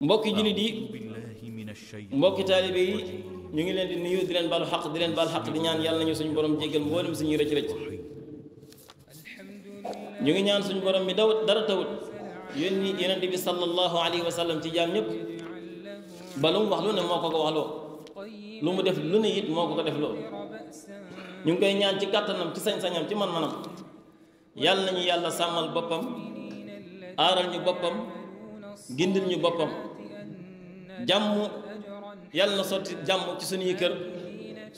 mbokki jullit yi mbokki taalibe yi ñu ngi leen di nuyu di leen baalu xaq di leen baal xaq di ñaan yàlla ñu suñu borom jéggal mboolem suñuy rëcc rëcc ñu ngi ñaan suñu borom mi daw dara tawut yónni yonent bi sallallahu alayhi wa sallam ci jaam ñëpp ba lu mu wax lu ne moo ko ko wax loo lu mu def lu ne it moo ko ko def loo ñu ngi koy ñaan ci kàttanam ci sañ-sañam ci man-manam yàlla nañu yàlla sàmmal boppam aaral ñu boppam gindil ñu boppam jàmm yàlla na sotti jàmm ci suñuy kër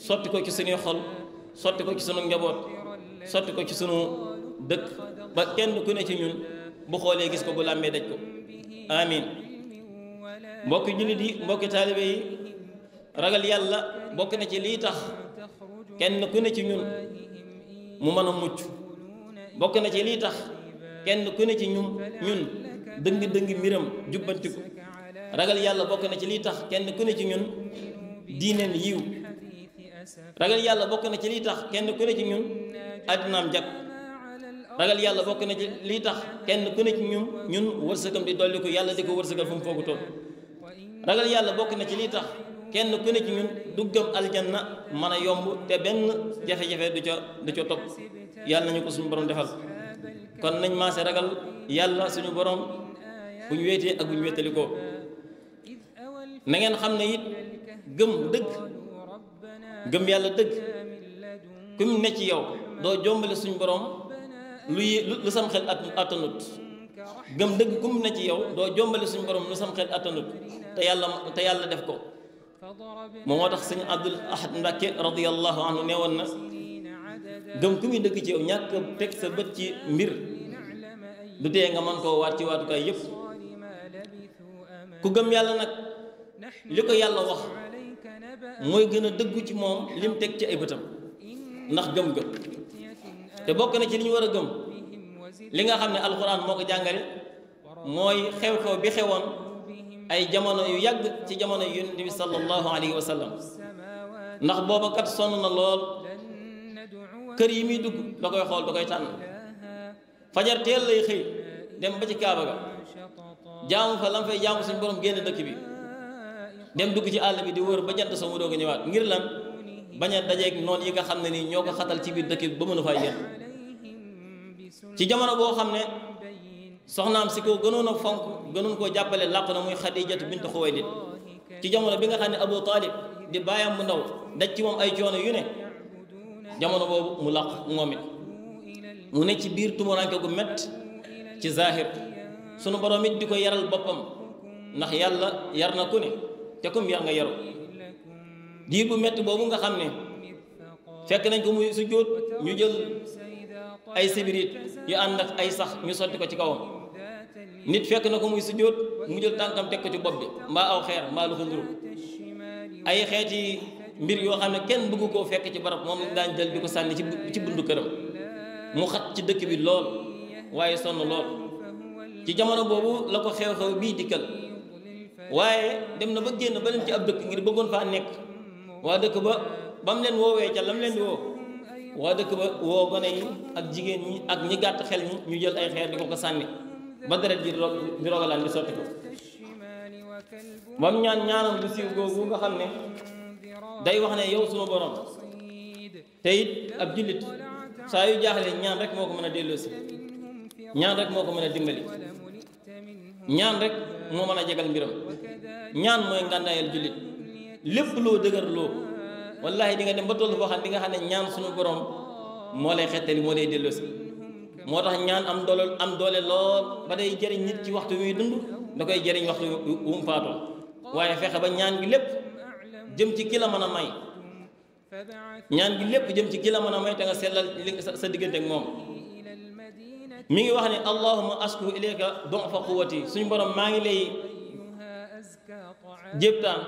sotti ko ci suñuy xol sotti ko ci sunu njaboot sotti ko ci sunu dëkk ba kenn ku ne ci ñun bu xoolee gis ko bu làmbee daj ko amin mbokki jullit yi mbokki taalibe yi ragal yàlla bokk na ci lii tax kenn ku ne ci ñun mu mën a mucc bokk na ci lii tax kenn ku ne ci ñun ñun dëng dëng mbiram jubbantiku ragal yàlla bokk na ci liy tax kenn ku ne ci ñun diineem yiw ragal yàlla bokk na ci liy tax kenn ku ne ci ñun àddinaam jag ragal yàlla bokk na ci liy tax kenn ku ne ci ñun ñun wërsëgam di dolli ko yàlla di ko wërsëgal fu mu foogu toog ragal yàlla bokk na ci liy tax kenn ku ci ñun duggam aljanna mën a yomb te benn jafe-jafe du ca du ca topp yàlla nañu ko suñu borom defal kon nañ maase ragal yàlla suñu borom bu ñu wéetee ak bu ñu na ngeen xam ne it gëm dëgg kum yàlla dëgg ne ci yow do jombale suñ borom lu lu sam xel atanut gem deug kum ne ci yow do suñ borom lu sam xel atanut te yalla te yalla def ko mo motax tax abdul ahad mbake radiyallahu anhu nee woon na gëm ku muy ci yow ñak tek sa bet ci mbir du tee nga man ko wat ci kay yef ku gem yalla nak li ko yàlla wax mooy gën a dëggu ci moom li mu teg ci ay bëtam ndax gëm gëm te bokk na ci li ñu war a gëm li nga xam ne alxuraan moo ko jàngale mooy xew-xew bi xewoon ay jamono yu yàgg ci jamono yu yonent bi sallallahu alayhi wa ndax booba kat sonn na lool kër yi muy dugg da koy xool da koy tànn fajar teel lay xëy dem ba ci kaaba ga jaamu fa lam fay jaamu suñu borom génn dëkk bi dem dugg ci àll bi di wër ba jant so mu doog a ñëwaat ngir lan bañ a dajeeg noonu yi nga xam ne nii ñoo ko xatal ci biir dëkk bi ba mën a fay jël ci jamono boo xam ne soxnaam si ko gënoon a fonk gënoon koo jàppale làq na muy Xadijatu bint Xuwaylid ci jamono bi nga xam ne Abu Talib di bàyyam mu ndaw daj ci moom ay coono yu ne jamono boobu mu làq moom it mu ne ci biir tumuranke gu mett ci zahir sunu borom it di ko yaral boppam ndax yàlla yar na ku te kum yaa nga yaru diir bu metti boobu nga xam ne fekk nañ ko muy sujjóot ñu jël ay sibirit yu ànd ak ay sax ñu sotti ko ci kawam nit fekk na ko muy sujjóot mu jël tànkam teg ko ci bopp bi mbaa aw xeer mbaa lu ko nduru ay xeeti mbir yoo xam ne kenn bëgg koo fekk ci barab moom daan jël di ko sànni ci ci buntu këram mu xat ci dëkk bi lool waaye sonn lool ci jamono boobu la ko xew-xew bii dikkal waaye dem na ba génn ba dem ci ab dëkk ngir bëggoon faa nekk waa dëkk ba ba mu leen woowee ca lam leen di woo waa dëkk ba woo gone yi ak jigéen ñi ak ñi gàtt xel ñi ñu jël ay xeer di ko ko sànni ba deret ji di rogalaan di sotti ko ba mu ñaan ñaanal bu siiw googu nga xam ne day wax ne yow suma borom te ab jullit saa yu jaaxle ñaan rek moo ko mën a delloosi ñaan rek moo ko mën a dimbali ñaan rek moo mën a jegal mbiram ñaan mooy ngàndaayal jullit lépp loo dëgër loo wallaahi di nga dem ba tollu foo xam di nga xam ne ñaan suñu borom moo lay xettali moo lay delloosi moo tax ñaan am doole am doole lool ba day jariñ nit ci waxtu wi dund da koy jariñ waxtu wu mu faatoo waaye fexe ba ñaan gi lépp jëm ci ki la mën a may ñaan gi lépp jëm ci ki la mën a may te nga sellal sa diggante ak moom mi ngi wax ne allahumma asku ilayka don fa quwati suñu borom maa ngi jéptaan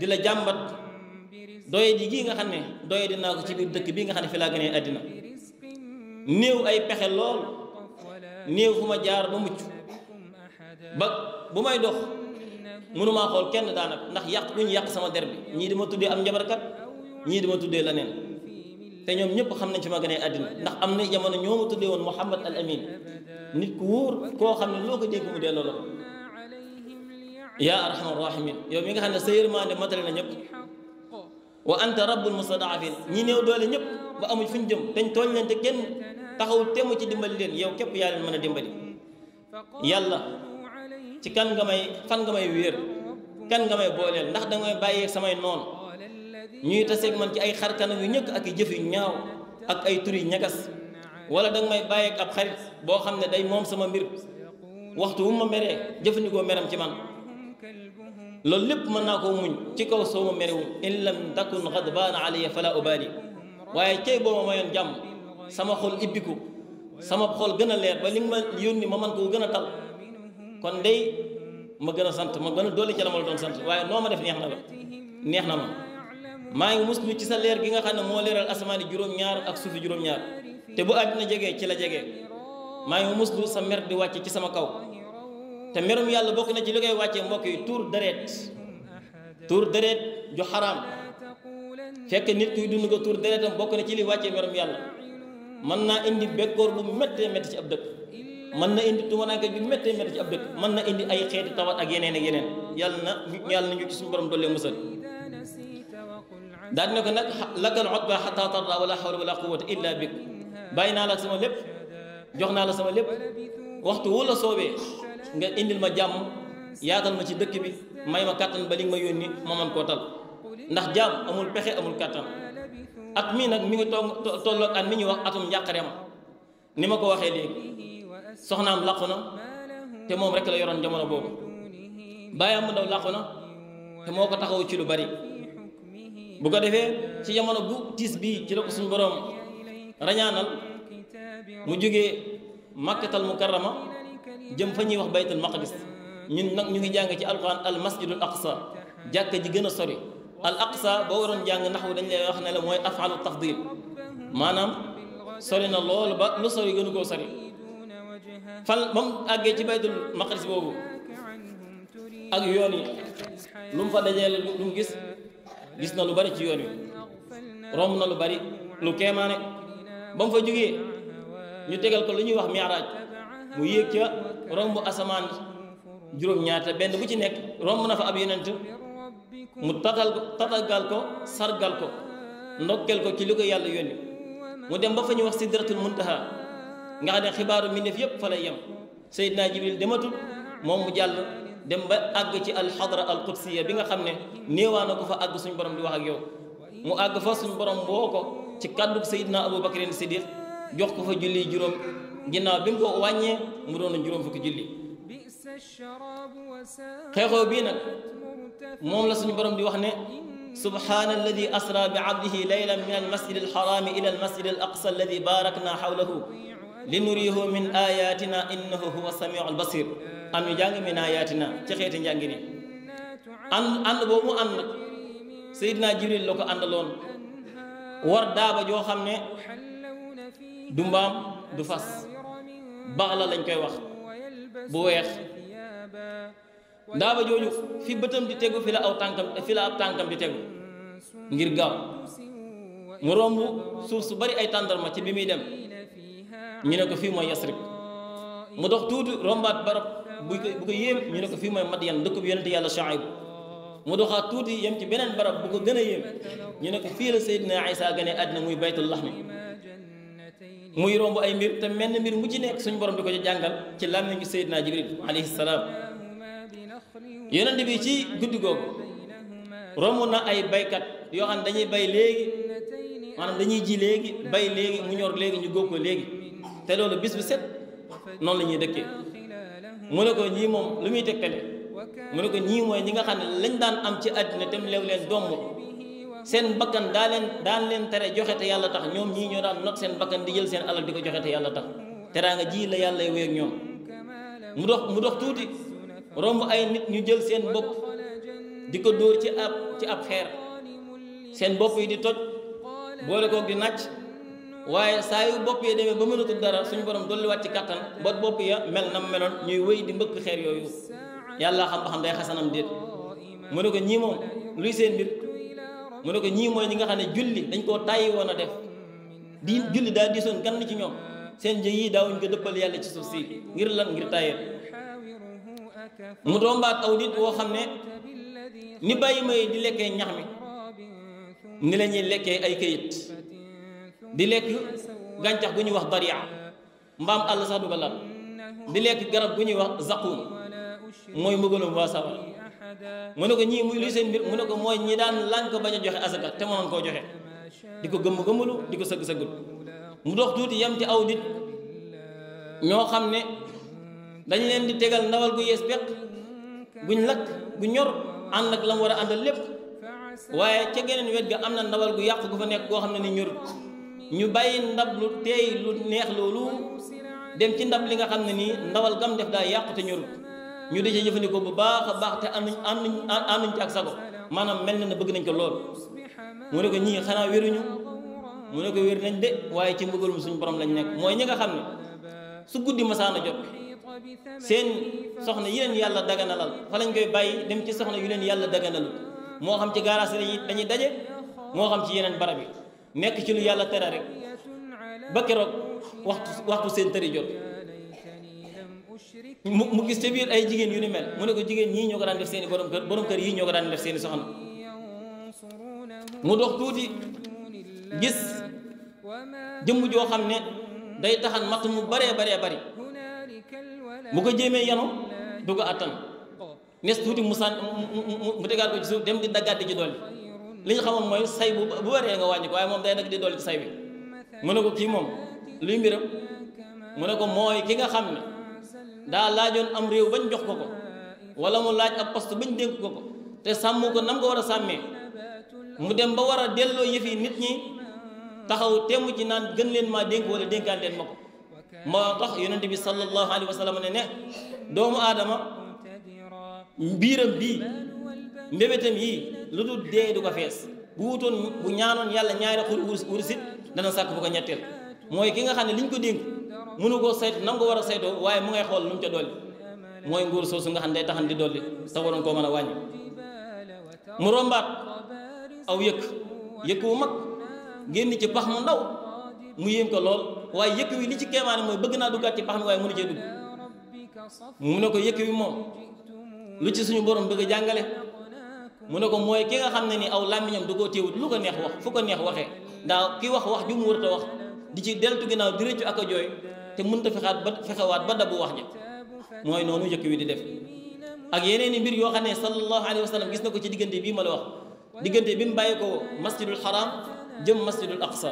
di la jàmbat doye di gii nga xam ne doye di naa ko ci biir dëkk bii nga xam ne fi laa gënee àddina néew ay pexe lool néew fu ma jaar ba mucc ba bu may dox mënumaa xool kenn daanaka ndax yàq lu ñu yàq sama der bi ñii di ma tuddee am njabarkat ñii di ma tuddee leneen te ñoom ñëpp xam nañ fi ma gënee àddina ndax am na jamono ñoo ma tuddee woon Muhammad al Amin nit ku wóor koo xam ne loo ko dégg mu delloo la yaa arhamar rahimin yow mi nga xam ne sa yërmande matale na ñëpp wa anta rabbul mustadafin ñi néew doole ñëpp ba amuñ fu ñu jëm dañ tooñ leen te kenn taxawul temm ci dimbali leen yow képp yaa leen mën a dimbali yàlla ci kan nga may fan nga may wéer kan nga may booleel ndax danga may bàyyeeg samay noonu ñuy taseeg man ci ay xar kanam yu ñëkk ak i jëf yu ñaaw ak ay tur yu ñagas wala danga may bàyyeeg ab xarit boo xam ne day moom sama mbir waxtu wu ma meree jëfandikoo meram ci man loolu lépp mën naa koo muñ ci kaw soo ma merewuñ in lam takun xadbaana alayya fala ubaali waaye cey boo ma mayoon jàmm sama xol ibbiku sama xol gën a leer ba li nga ma yónni ma man koo gën a tal kon day ma gën a sant ma gën a dolli ci la ma la doon sant waaye noo ma def neex na la neex na ma maa ngi muslu ci sa leer gi nga xam ne moo leeral asamaani juróom-ñaar ak suufi juróom-ñaar te bu àddina jegee ci la jegee maa ngi muslu sa mer di wàcc ci sama kaw تميرم يالله بوك نجي لغاية واجه موكي تور دريت تور دريت جو حرام فك نيت كي دونو تور دريت بوك نجي لغاية واجه ميرم يالله من نا اندي بكور بو مت مت ابدك من نا اندي تو نانك بو مت مت ابدك من نا اندي اي خيت تاوات اك ينين ينين يالنا يالنا نيو سي بروم دولي مسل داد نكو نك لك العقبه حتى ترى ولا حول ولا قوه الا بك باينا لك سما لب جوخنا لا سما لب وقت ولا صوبي nga indil ma jàmm yaatal ma ci dëkk bi may ma kàttan ba li nga ma yónni ma man koo tal ndax jaam amul pexe amul kàttan at mii nag mi ngi toog tolloog at mi ñuy wax atum njàqare ma ni ma ko waxee léegi soxnaam làqu na te moom rek la yoroon jamono boobu bàyyam mu ndaw làqu na te moo ko taxaw ci lu bari bu ko defee ci jamono bu tiis bii ci la ko suñu boroom rañaanal mu jógee màkkatal mukarrama jëm fa ñuy wax baytul maqdis ñun nag ñu ngi jàng ci alquran al masjidul aqsa jàkka ji gën a sori al aqsa boo waroon jàng naxwu dañ lay wax na la mooy afaalu tafdil maanaam sori na loolu ba lu sori gënu koo sori fan ba mu àggee ci baytul maqdis boobu ak yoon yi lu mu fa dajee la lu mu gis gis na lu bari ci yoon yi romb na lu bari lu keemaane ba mu fa jógee ñu tegal ko lu ñuy wax miiraaj mu yéeg ca romb asamaan juróom-ñaata benn bu ci nekk romb na fa ab yonent mu tatal ko tatagal ko sargal ko ndokkel ko ci li ko yàlla yónni mu dem ba fa ñu wax sidratul muntaha nga xam ne xibaaru mbindeef yépp fa lay yem Seydina Jibril dematul moom mu jàll dem ba àgg ci alxadra alqudsiya bi nga xam ne néewaa na ko fa àgg suñu borom di wax ak yow mu àgg fa suñu borom woo ko ci kàddu Seydina Abubakar Siddiq jox ko fa julli juróom ginaaw bim ko wañe mu doon juróom fukki julli xeexoo bi nak mom la suñu borom di wax ne سبحان الذي أسرى بعبده ليلا من المسجد الحرام إلى المسجد الأقصى الذي باركنا حوله لنريه من آياتنا إنه هو السميع البصير am ñu من آياتنا تخيط ci أن أن ni أن سيدنا جبريل لك أن لون ورد la ko àndaloon war daaba baxla lañ koy wax bu weex daaba jooju fi bëtam di tegu fi la aw tànkam fi la ab tànkam di tegu ngir gaaw mu romb suuf su bari ay tàndarma ci bi muy dem ñu ne ko fii mooy yasrib mu dox tuuti rombaat barab bu ko bu ko yéem ñu ne ko fii mooy madyan dëkk bi yonente yàlla Shuayb mu doxaat tuuti yem ci beneen barab bu ko gën a yéem ñu ne ko fii la Seydina Isa gane àddina muy baytul laxmi muy romb ay mbir te mel na mbir mu ci nekk suñu borom bi ko jàngal ci làmmiñu Seydina Jibril alayhi salaam yonent bi ci guddi googu romb na ay baykat yoo xam dañuy bay léegi maanaam dañuy ji léegi bay léegi mu ñor léegi ñu góob ko léegi te loolu bis bu set noonu la ñuy dëkkee mu ne ko ñii moom lu muy tegtale mu ne ko ñii mooy ñi nga xam ne lañ daan am ci àddina tam leew leen doom seen bakkan daa leen daan leen tere joxe te yàlla tax ñoom ñii ñoo daan not seen bakkan di jël seen alal di ko joxe te yàlla tax teraanga ji la yàlla wéy ak ñoom mu dox mu dox tuuti romb ay nit ñu jël seen bopp di ko dóor ci ab ci ab xeer seen bopp yi di toj boole koog di nàcc waaye saa yu bopp yi demee ba mënatul dara suñu borom dolliwaat ci kàttan ba bopp ya mel na meloon ñuy wéy di mbëkk xeer yooyu yàlla xam ba xam day xasanam déet mu ne ko mu ne ko ñii mooy ñi nga xam ne julli dañ koo tàyyi woon a def di julli daal diisoon gan ci ñoom seen jë yi daawuñ ko dëppal yàlla ci suuf si ngir lan ngir tàyyeel mu dombaat aw nit woo xam ne ni bàyyi may di lekkee ñax mi ni la ñuy lekkee ay këyit di lekk gàncax gu ñuy wax daria mbaam àll sax du ko di lekk garab gu ñuy wax zaquum mooy mbugalum waa sawara mu ne ko ñii muy luy seen mbir mu ne ko mooy ñi daan lànk bañ a joxe asaka te mënoon koo joxe di ko gëmm gëmmalu di ko sëgg sëggul mu dox tuuti yam ci aw nit ñoo xam ne dañ leen di tegal ndawal gu yees peq guñ lakk gu ñor ànd ak la mu war a àndal lépp waaye ca geneen wet ga am na ndawal gu yàq gu fa nekk goo xam ne ni ñorut ñu bàyyi ndab lu teey lu neex loolu dem ci ndab li nga xam ne nii ndawal gam def daa yàqu te ñorut ñu dee jëfandikoo bu baax a baax te ànd ànd ànduñ ci ak sago maanaam mel na bëgg nañ ko lool mu ne ko ñii xanaa wéruñu mu ne ko wér nañ de waaye ci mbëggalum suñu borom lañ nekk mooy ñi nga xam ne su guddi masaana jot seen soxna yi leen yàlla daganalal fa lañ koy bàyyi dem ci soxna yu leen yàlla daganalul moo xam ci gaaraas yi dañuy daje moo xam ci yeneen barab yi nekk ci lu yàlla tere rek ba keroog waxtu waxtu seen tëri jot mu mu gis ca biir ay jigéen yu ni mel mu ne ko jigéen ñii ñoo ko daan def seeni borom kër borom kër yii ñoo ko daan def seeni soxna mu dox tuuti gis jëmm joo xam ne day taxan matt mu baree baree bari bu ko jéemee yanu du ko attan nes tuuti mu sàn mu tegaat ko ci suuf dem di daggaat di ji dolli li ñu xamoon mooy say bu bu baree nga wàññi ko waaye moom day nag di dolli ci say bi mu ne ko kii moom luy mbiram mu ne ko mooy ki nga xam ne daa laajoon am réew bañ jox ko ko wala mu laaj ab poste bañ dénk ko ko te sàmm ko nam ko war a sàmmee mu dem ba war a delloo yëfi nit ñi taxaw teemu ci naan gën leen maa dénk wala dénkaan leen ma ko moo tax yonent bi sallallahu alayhi wa sallam ne ne doomu aadama mbiiram bii mbébétam yii lu dul dee du ko fees bu wutoon bu ñaanoon yàlla ñaari xur wursit dana sàkk bu ko ñetteel mooy ki nga xam ne liñ ko dénk mënu koo saytu na ko war a saytoo waaye mu ngay xool nu mu ca dolli mooy nguur soosu nga xam ne day taxan di dolli te waroon koo mën a wàññi. mu rombaat aw yëkk yëkk mag génn ci pax mu ndaw mu yéem ko lool waaye yëkk wi li ci kéemaane mooy bëgg naa duggaat ci pax mi waaye mënu cee dugg mu ne ko yëkk wi moom lu ci suñu borom bëgg a jàngale mu ne ko mooy ki nga xam ne ni aw làmmiñam du koo téewut lu ko neex wax fu ko neex waxee ndax ki wax wax ju mu warut wax. di ci deltu ginnaaw di rëccu ak a jooy te mënta fexaat ba fexewaat ba dabu wax ja mooy noonu jëkk wi di def ak yeneen i mbir yoo xam ne sallallahu alayhi wa gis na ko ci diggante bii ma la wax diggante bi mu bàyyi ko masjidul haram jëm masjidul aqsa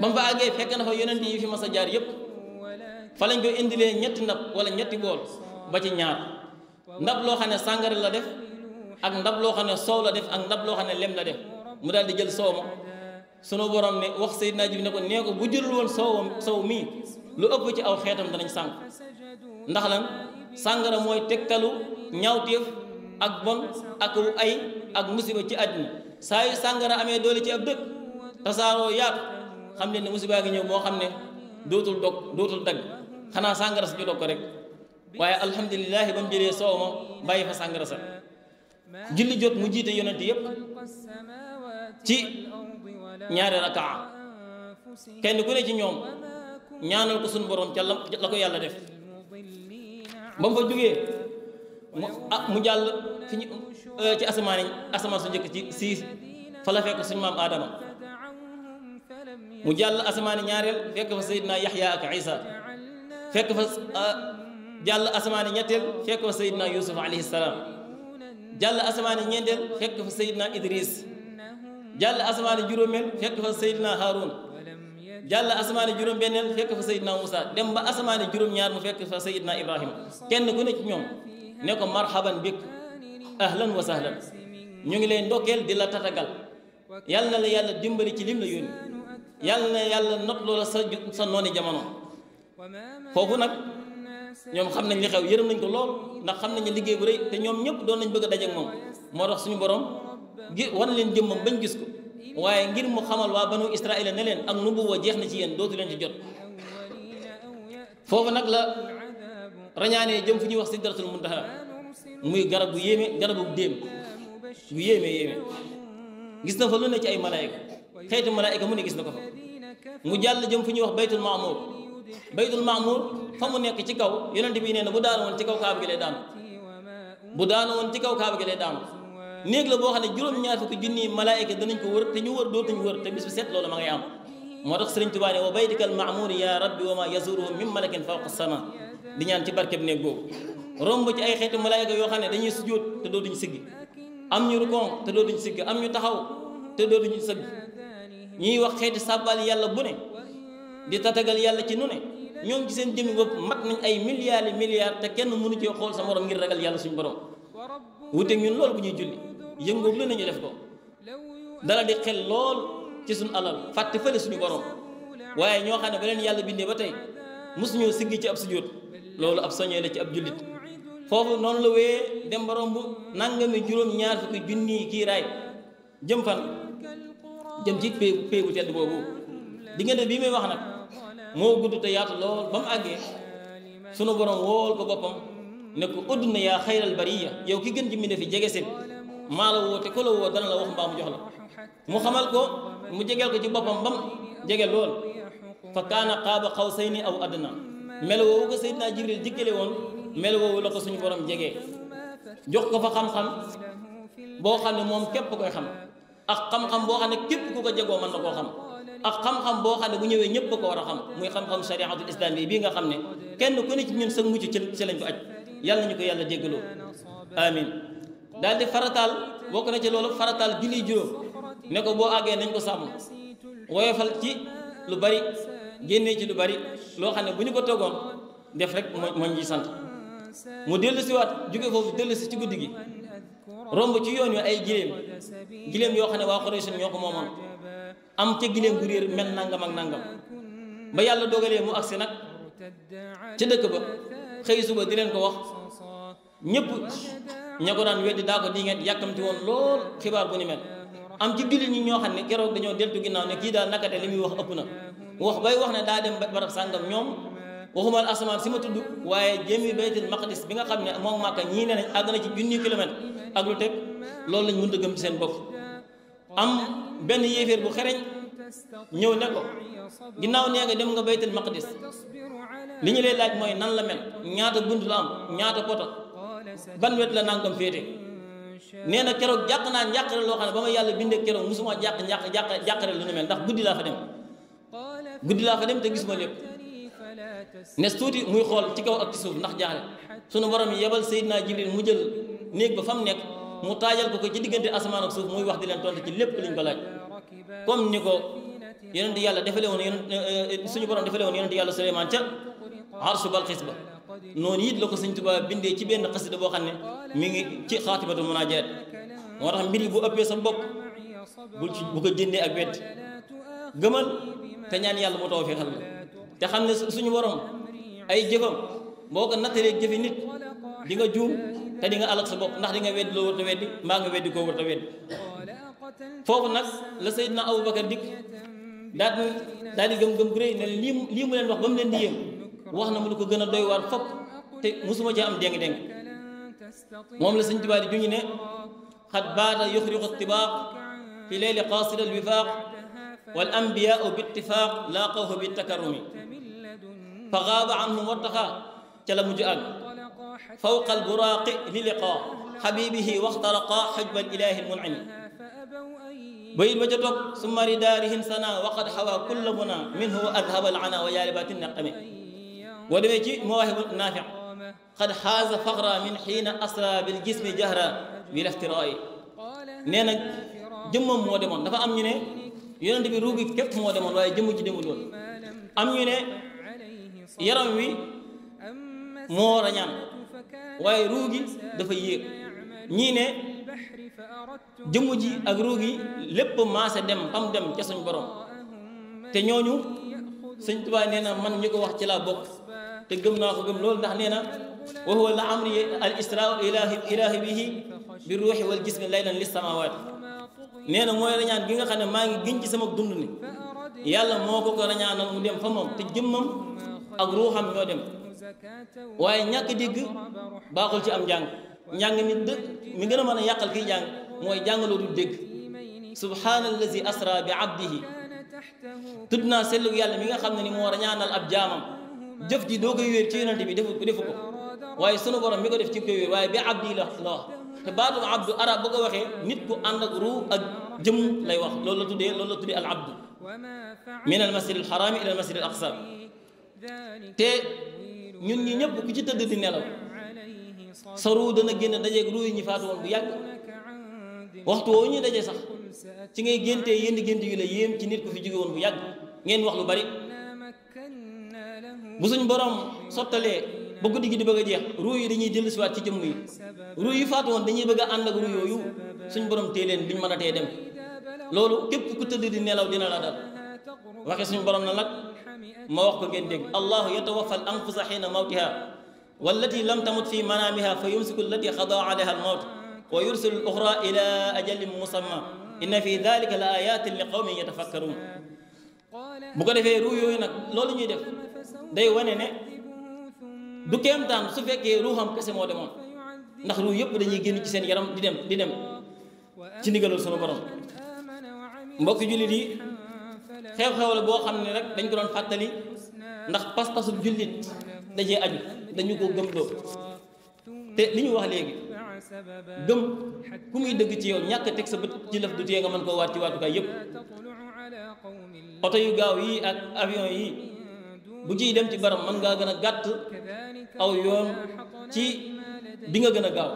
ba mu fa àggee fekk na fa yonent yi fi ma a jaar yépp fa lañ ko indilee ñetti ndab wala ñetti bool ba ci ñaar ndab loo xam ne sàngara la def ak ndab loo xam ne soow la def ak ndab loo xam ne lem la def sunu borom ne wax Seydina Jibril ne ko nee ko bu jëlul woon soowam sow mii lu ëpp ci aw xeetam danañ sànk ndax lan sàngara mooy tegtalu ñaawteef ak bon ak ay ak musiba ci àddina saa yu sàngara amee doole ci ab dëkk tasaaroo yaatu xam ne ne musibaa ngi ñëw moo xam ne dootul dog dootul dagg xanaa sàngara sa ju dog ko rek waaye alhamdulilahi ba mu jëlee soow ma bàyyi fa sàngara sa julli jot mu jiite yonent yépp ci ñaari rakaa kenn ku ne ci ñoom ñaanal ko suñu borom ca la ko yàlla def ba mu fa mu ah ñu euh, ci asamaan yi asamaan su njëkk ci siis fa fekk suñu maam aadama mu jàll asamaan ñaareel fekk fa Seydina Yaxya ak Isa fekk fa ah, jàll asamaan ñetteel fekk fa Seydina Yusuf alayhi salaam jàll asamaan fekk fa Seydina Idris جل أسمان جرومين فك فسيدنا هارون جل أسمان جروم بنيل فك فسيدنا موسى دم بأسمان جروم يار مفك فسيدنا إبراهيم كن نقولك يوم نكون مرحبا بك أهلا وسهلا نقولي نوكل دلا تتقال يالنا يالنا دمبري كليم ليون يالنا يالنا نقل ولا سج سنوني جمانو فهونك يوم خمن اللي خير يرمن كلول نخمن اللي جيبري تنيوم يب دون يبغى دجاجم مرخصني برام ngir wan leen jëmmam bañ gis ko waaye ngir mu xamal waa banu israila ne leen ak nubuwa jeex na ci yéen dootu leen ci jot foofu nag la rañaanee jëm fu ñuy wax sidratul muntaha muy garab bu yéeme garabu déem bu yéeme yéeme gis na fa lu ne ci ay malaayika xeetu malaayika mu ne gis na ko fa mu jàll jëm fu ñuy wax baytul maamuur baytul maamuur fa mu nekk ci kaw yonent bi nee na bu daanu woon ci kaw kaab gi lay daanu bu daanu woon ci kaw kaab gi lay daanu néeg la boo xam ne juróom-ñaar fukki junniy malaayika danañ ko wër te ñu wër dootuñ wër te bis bu set loolu ma ngay am moo tax sëriñ Tuubaa ne wa baytika al maamuur ya rabbi wa ma yazuruhu min malakin fawqa sama di ñaan ci barkeb néeg boobu romb ci ay xeeti malaayika yoo xam ne dañuy sujjóot te dootuñ siggi am ñu rukon te dootuñ siggi am ñu taxaw te dootuñ sëgg ñuy wax xeeti sàbbaal yàlla bu ne di tatagal yàlla ci nu ne ñoom ci seen jëmmi bopp mat nañ ay milliards yi milliards te kenn mënu cee xool sa morom ngir ragal yàlla suñu borom wuteeg ñun yëngoom lu ñu def ko dala di xel lool ci suñu alal fàtte fële suñu borom waaye ñoo xam ne ba leen yàlla bindee ba tey mosuñoo siggi ci ab sujjóot loolu ab soñee la ci ab jullit foofu noonu la wéyee dem borom bu nangami juróom-ñaar fukki junni kii raay jëm fan jëm ci pay pay bu tedd boobu diggante bii may wax nag moo gudd te yaatu lool ba mu àggee sunu borom wool ko boppam ne ko udd na yaa xayral bariya yow ki gën ji mi ne fi jege maa la woo te ku la woo dana la wax mbaa mu jox la mu xamal ko mu jegeel ko ci boppam bam jege lool fa kaana say ni aw addana adna melo woowu naa Seydina Jibril dikkale woon melo woowu la ko suñu borom jegee jox ko fa xam-xam boo xam ne moom képp koy xam ak xam-xam boo xam ne képp ku ko jegoo mën na koo xam ak xam-xam boo xam ne bu ñëwee ñëpp ko war a xam muy xam-xam shariatul islam yi bii nga xam ne kenn ku ne ci ñun sa mucc ci ci aj yàlla ñu ko yàlla jéggaloo amin daal di farataal bokk na ci loolu farataal julli juróom ne ko boo àggee nañ ko sàmm woyofal ci lu bari génnee ci lu bari loo xam ne bu ñu ko toggoon def rek moo moo ñuy sant mu dellu si waat jóge foofu dellu si ci guddi gi romb ci yoon wi ay giléem giléem yoo xam ne waa Quraysh ñoo ko moomoon am ca giléem gu réer mel nangam ak nangam ba yàlla dogalee mu agsi nag ca dëkk ba xëy suba di leen ko wax ñëpp ña ko daan weddi daa ko di ngeen yàkkamti woon lool xibaar bu ni mel am ci jullit ñi ñoo xam ne keroog dañoo deltu ginnaaw ne kii daal nakate li muy wax ëpp na wax bay wax ne daa dem barab sàngam ñoom waxumal asamaan si ma tudd waaye jëmi baytil maqdis bi nga xam ne moom màkka ñii ne nañ àgg na ci junni kilomètre ak lu teg loolu lañ mun a gëm ci seen bopp am benn yéeféer bu xereñ ñëw ne ko ginnaaw nee nga dem nga baytil maqdis li ñu lay laaj mooy nan la mel ñaata bunt la am ñaata poto ban wet la nangam féete nee na keroog jàq naa njàqare loo xam ne ba ma yàlla bindee keroog musuma jàq njàq jàqare lu ne mel ndax guddi laa fa dem guddi laa fa dem te gisuma lépp nes tuuti muy xool ci kaw ak ci suuf ndax jaaxle sunu borom yebal Seydina Jibril mu jël néeg ba fa mu nekk mu taajal ko ko ci diggante asamaan ak suuf muy wax di leen tontu ci lépp liñ ko laaj comme ni ko yonent yàlla defale woon yonent eh, suñu borom defale woon yonent yàlla Suleymaan ca arsu balxiis ba noonu it la ko sëñ Tuubaa bindee ci benn xasida boo xam ne ko jëndee ak wedd gëmal te ñaan la te xam ne suñu borom ay jëfam boo ko nattalee jëfi nit di nga juum te di nga sa bopp ndax di nga weddi loo war a weddi mbaa nga weddi koo war a weddi foofu nag la Seydina Abubakar dikk daal di daal di gëm-gëm gu rëy ne lii lii mu leen wax ba mu leen di yëm wax na mu lu ko gën a doy waar fopp te mosuma ci am déng-déng moom la sëñ Tuubaa di juñu ne xat baata yuxriqu tibaaq fi leeli qaasida alwifaaq wal ambiyaau bi ittifaaq laaqawhu bi takarrumi fa gaaba anhum wartaxa ca la mujj àgg fawqa alburaaqi li liqaa xabibihi waxtaraqa xajba ilaahi almunimi بين وجدوك ثم ردارهم سنا وقد حوى كل منا منه اذهب العنا ويالبات النقم ودمجي مواهب نافع قد حاز فغرا من حين اسرى بالجسم جهرا من افترائي نينا جم مودمون دا فا ام ني يوندي بي روبي كيف مودمون واي جم جي ديمول ام ني يرام وي مو رانيان واي روغي دا فا ييك ني jëmm ji ak ruug yi lépp maase dem pam dem ca suñ borom te ñooñu sëñ Tuubaa nee na man ñu ko wax ci laa bokk te gëm naa ko gëm loolu ndax nee na wa huwa la amri al israa ilaahi ilaahi bihi bi ruuxi wal jismi laylan lis samaawaati nee na mooy rañaan gi nga xam ne maa ngi giñ ci sama dund ni yàlla moo ko ko rañaanal mu dem fa moom te jëmmam ak ruuxam ñoo dem waaye ñàkk dégg baaxul ci am njàng njàng mi dë mi gën a mën a yàqal kiy jàng موي جانلو دو دغ سبحان الذي اسرى بعبده تدنا سلو يالا ميغا خامن ني مو رانال اب جامم جف جي دوغا وير تي يونتي بي ديف ديفكو واي سونو بروم ميغا ديف تي كوي وير واي بي عبد الله الله بعض العبد ارا بوغا وخي نيت كو اندك رو اك جيم لاي واخ لولا تودي لولا تودي العبد من المسجد الحرام الى المسجد الاقصى تي نيون ني نيب كو تي تيد دي نلاو سرو دنا داجي رو ني فاتو بو ياغ waxtu wo ñu daje sax ci ngay génte yënd gént yu la yëm ci nit ko fi jóge won bu yàgg ngeen wax lu bari bu suñ borom sotalé bu guddi gi di bëgg jeex ruuy yi dañuy dellu wat ci jëm yi ruuy yi faatu won dañuy bëgg ànd ak ruuy yoyu suñ borom té leen duñ mëna té dem lolu képp ku tëdd di nelaw dina la dal waxe suñ borom na nak ma wax ko ngeen dégg allahu yatawaffa al anfusa xiina mawtiha wallati lam tamut fi manaamiha fa yumsiku allati xadaa alayha al wa yursilu al-ukhra ila ajalin musamma inna fi dhalika la ayatin li qawmin yatafakkarun bu ko defee ruux yooyu nag loolu ñuy def day wane ne du kéemtaan su fekkee ruuxam kese moo demoon ndax ruux yëpp dañuy génn ci seen yaram di dem di dem ci ndigalul sunu borom mbokk jullit yi xew-xew la boo xam ne rek dañ ko doon fàttali ndax pas-pasu jullit dajee aju dañu ko gëm loo te li ñu wax léegi gëm ku muy dëgg ci yow ñàkk a teg sa bët ci lëf du tee nga mën koo waat ci waatukaay yépp oto yu gaaw yi ak avion yi bu ciy dem ci baram mën ngaa gën a gàtt aw yoon ci bi nga gën a gaaw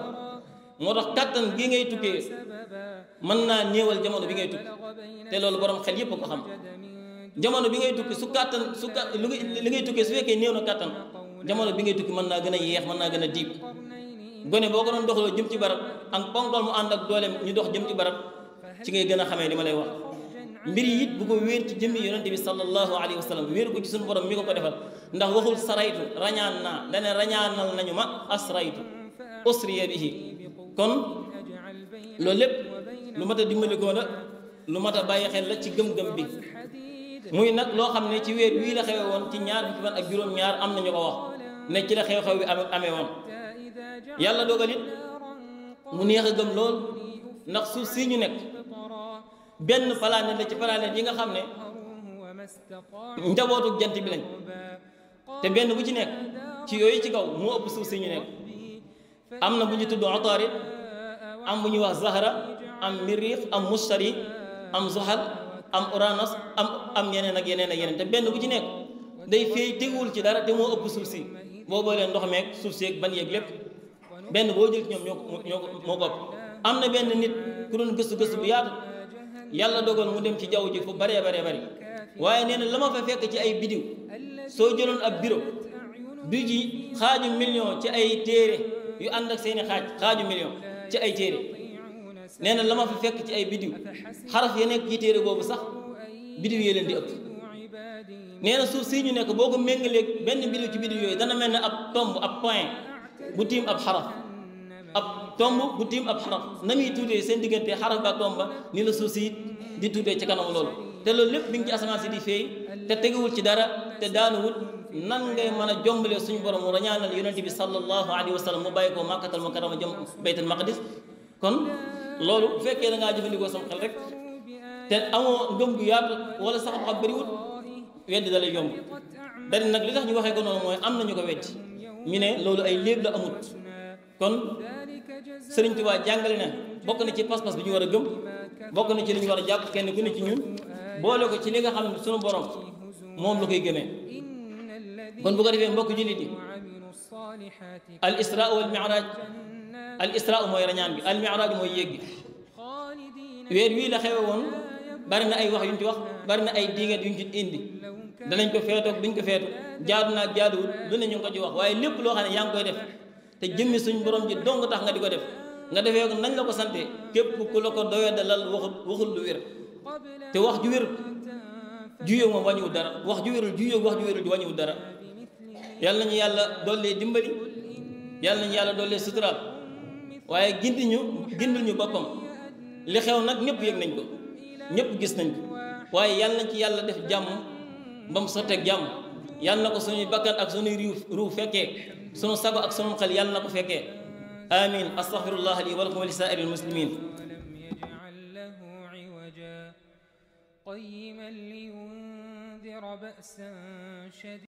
moo tax kàttan gi ngay tukkee mën naa néewal jamono bi ngay tukki te loolu borom xel yépp ko xam jamono bi ngay tukki su kàttan su li ngay tukkee su fekkee néew na kàttan jamono bi ngay tukki mën naa gën a yéex mën naa gën a diib gone boo ko doon doxaloo jëm ci barab ak ponkal mu ànd ak dooleem ñu dox jëm ci barab ci ngay gën a xamee li ma lay wax mbir yi it bu ko wéer ci jëmmi yonente bi sallallahu alayhi wa sallam wéer ko ci suñu borom mi ko ko defal ndax waxul saraytu rañaan naa dane rañaanal nañu ma asraytu usriya bihi kon loolu lépp a lu mat a bàyyi xel la ci gëm-gëm bi muy nag loo xam ne ci weer wii la xewe woon ci ñaar fukki fan ak juróom ñaar am nañu ko wax ne ci la xew-xew bi amee woon yàlla dogal it mu neex a gëm lool ndax suuf si ñu nekk benn planète la ci planète yi nga xam ne njabootu jant bi lañ te benn bu ci nekk ci yooyu ci kaw moo ëpp suuf si ñu nekk am na bu ñu tudd otaarit am bu ñuy wax zahra am miriix am mustari am zuhal am uranus am am yeneen ak yeneen ak yeneen te benn bu ci nekk day fay teguwul ci dara te moo ëpp suuf si boo boolee ndox meeg suuf si ak ban yeeg lépp benn boo jël ci ñoom ñoo ko ñoo ko moo ko am na benn nit ku doon gëstu gëstu bu yaatu yàlla dogoon mu dem ci jaww ji fu baree baree bari waaye nee na la ma fa fekk ci ay bidiw soo jëloon ab bureau du ji xaaju million ci ay téere yu ànd ak seeni xaaj xaaju million ci ay téere nee na la ma fa fekk ci ay bidiw xaraf ya nekk ci téere boobu sax bidiw yee leen di ëpp nee na suuf si ñu nekk boo ko méngaleeg benn bidiw ci bidiw yooyu dana mel ne ab tomb ab point bu tiim ab xaraf ab tomb bu tiim ab xaraf na muy tuutee seen diggante xaraf ba ak tomb ba la suuf di tuutee ci kanam loolu te loolu lépp bi ngi ci asamaan si di feey te tegewul ci dara te daan nan ngay mën a lee suñu borom mu rañaanal yonent bi sallallahu alayhi wa sallam mu bàyyi ko màkkatal mukarama jëm baytal maqdis kon loolu bu fekkee da ngaa jëfandikoo sam xel rek te amoo ngëm gu yaatu wala sax xam bëriwut weddi da lay yomb dari nag li tax ñu waxee ko noonu mooy am nañu ko weddi ñu ne loolu ay léeb la amut kon sëriñ Tuubaa jàngale na bokk na ci pas-pas bi ñu war a gëm bokk na ci li ñu war a jàpp kenn ku ci ñun boole ko ci li nga xam ne sunu borom moom la koy gëmee kon bu ko defee mbokk jullit yi al israa wal miraaj al israa mooy rañaan bi al miraaj mooy yéeg gi weer wii la xewe woon bari na ay wax yuñ ci wax bari na ay diingat yuñ ci indi danañ ko feetoog duñ ko feetu jaadu naag jaaduwut lu ne ñu ngi ko ci wax waaye lépp loo xam ne yaa ngi koy def te jëmmi suñ borom ji dong tax nga di ko def nga defee ko nañ la ko sante képp ku la ko doyee dalal waxul waxul lu wér te wax ju wér juyoo moom wàññiwul dara wax ju wérul juyoo wax ju wérul ji wàññiwul dara yàlla ñu yàlla dollee dimbali yàlla nañu yàlla dollee sutural waaye gindi ñu gindil ñu boppam li xew nag ñëpp yëg nañ ko ñëpp gis nañ ko waaye yàlla nañ ci yàlla def bam soté sotteeg jàmm yàlla nako suñu bakkat ak suñu ru fekke sunu sago ak sunu xel yàlla nako fekke amin astaghfirullah li wa lakum wa li muslimin قيما لينذر بأسا شديدا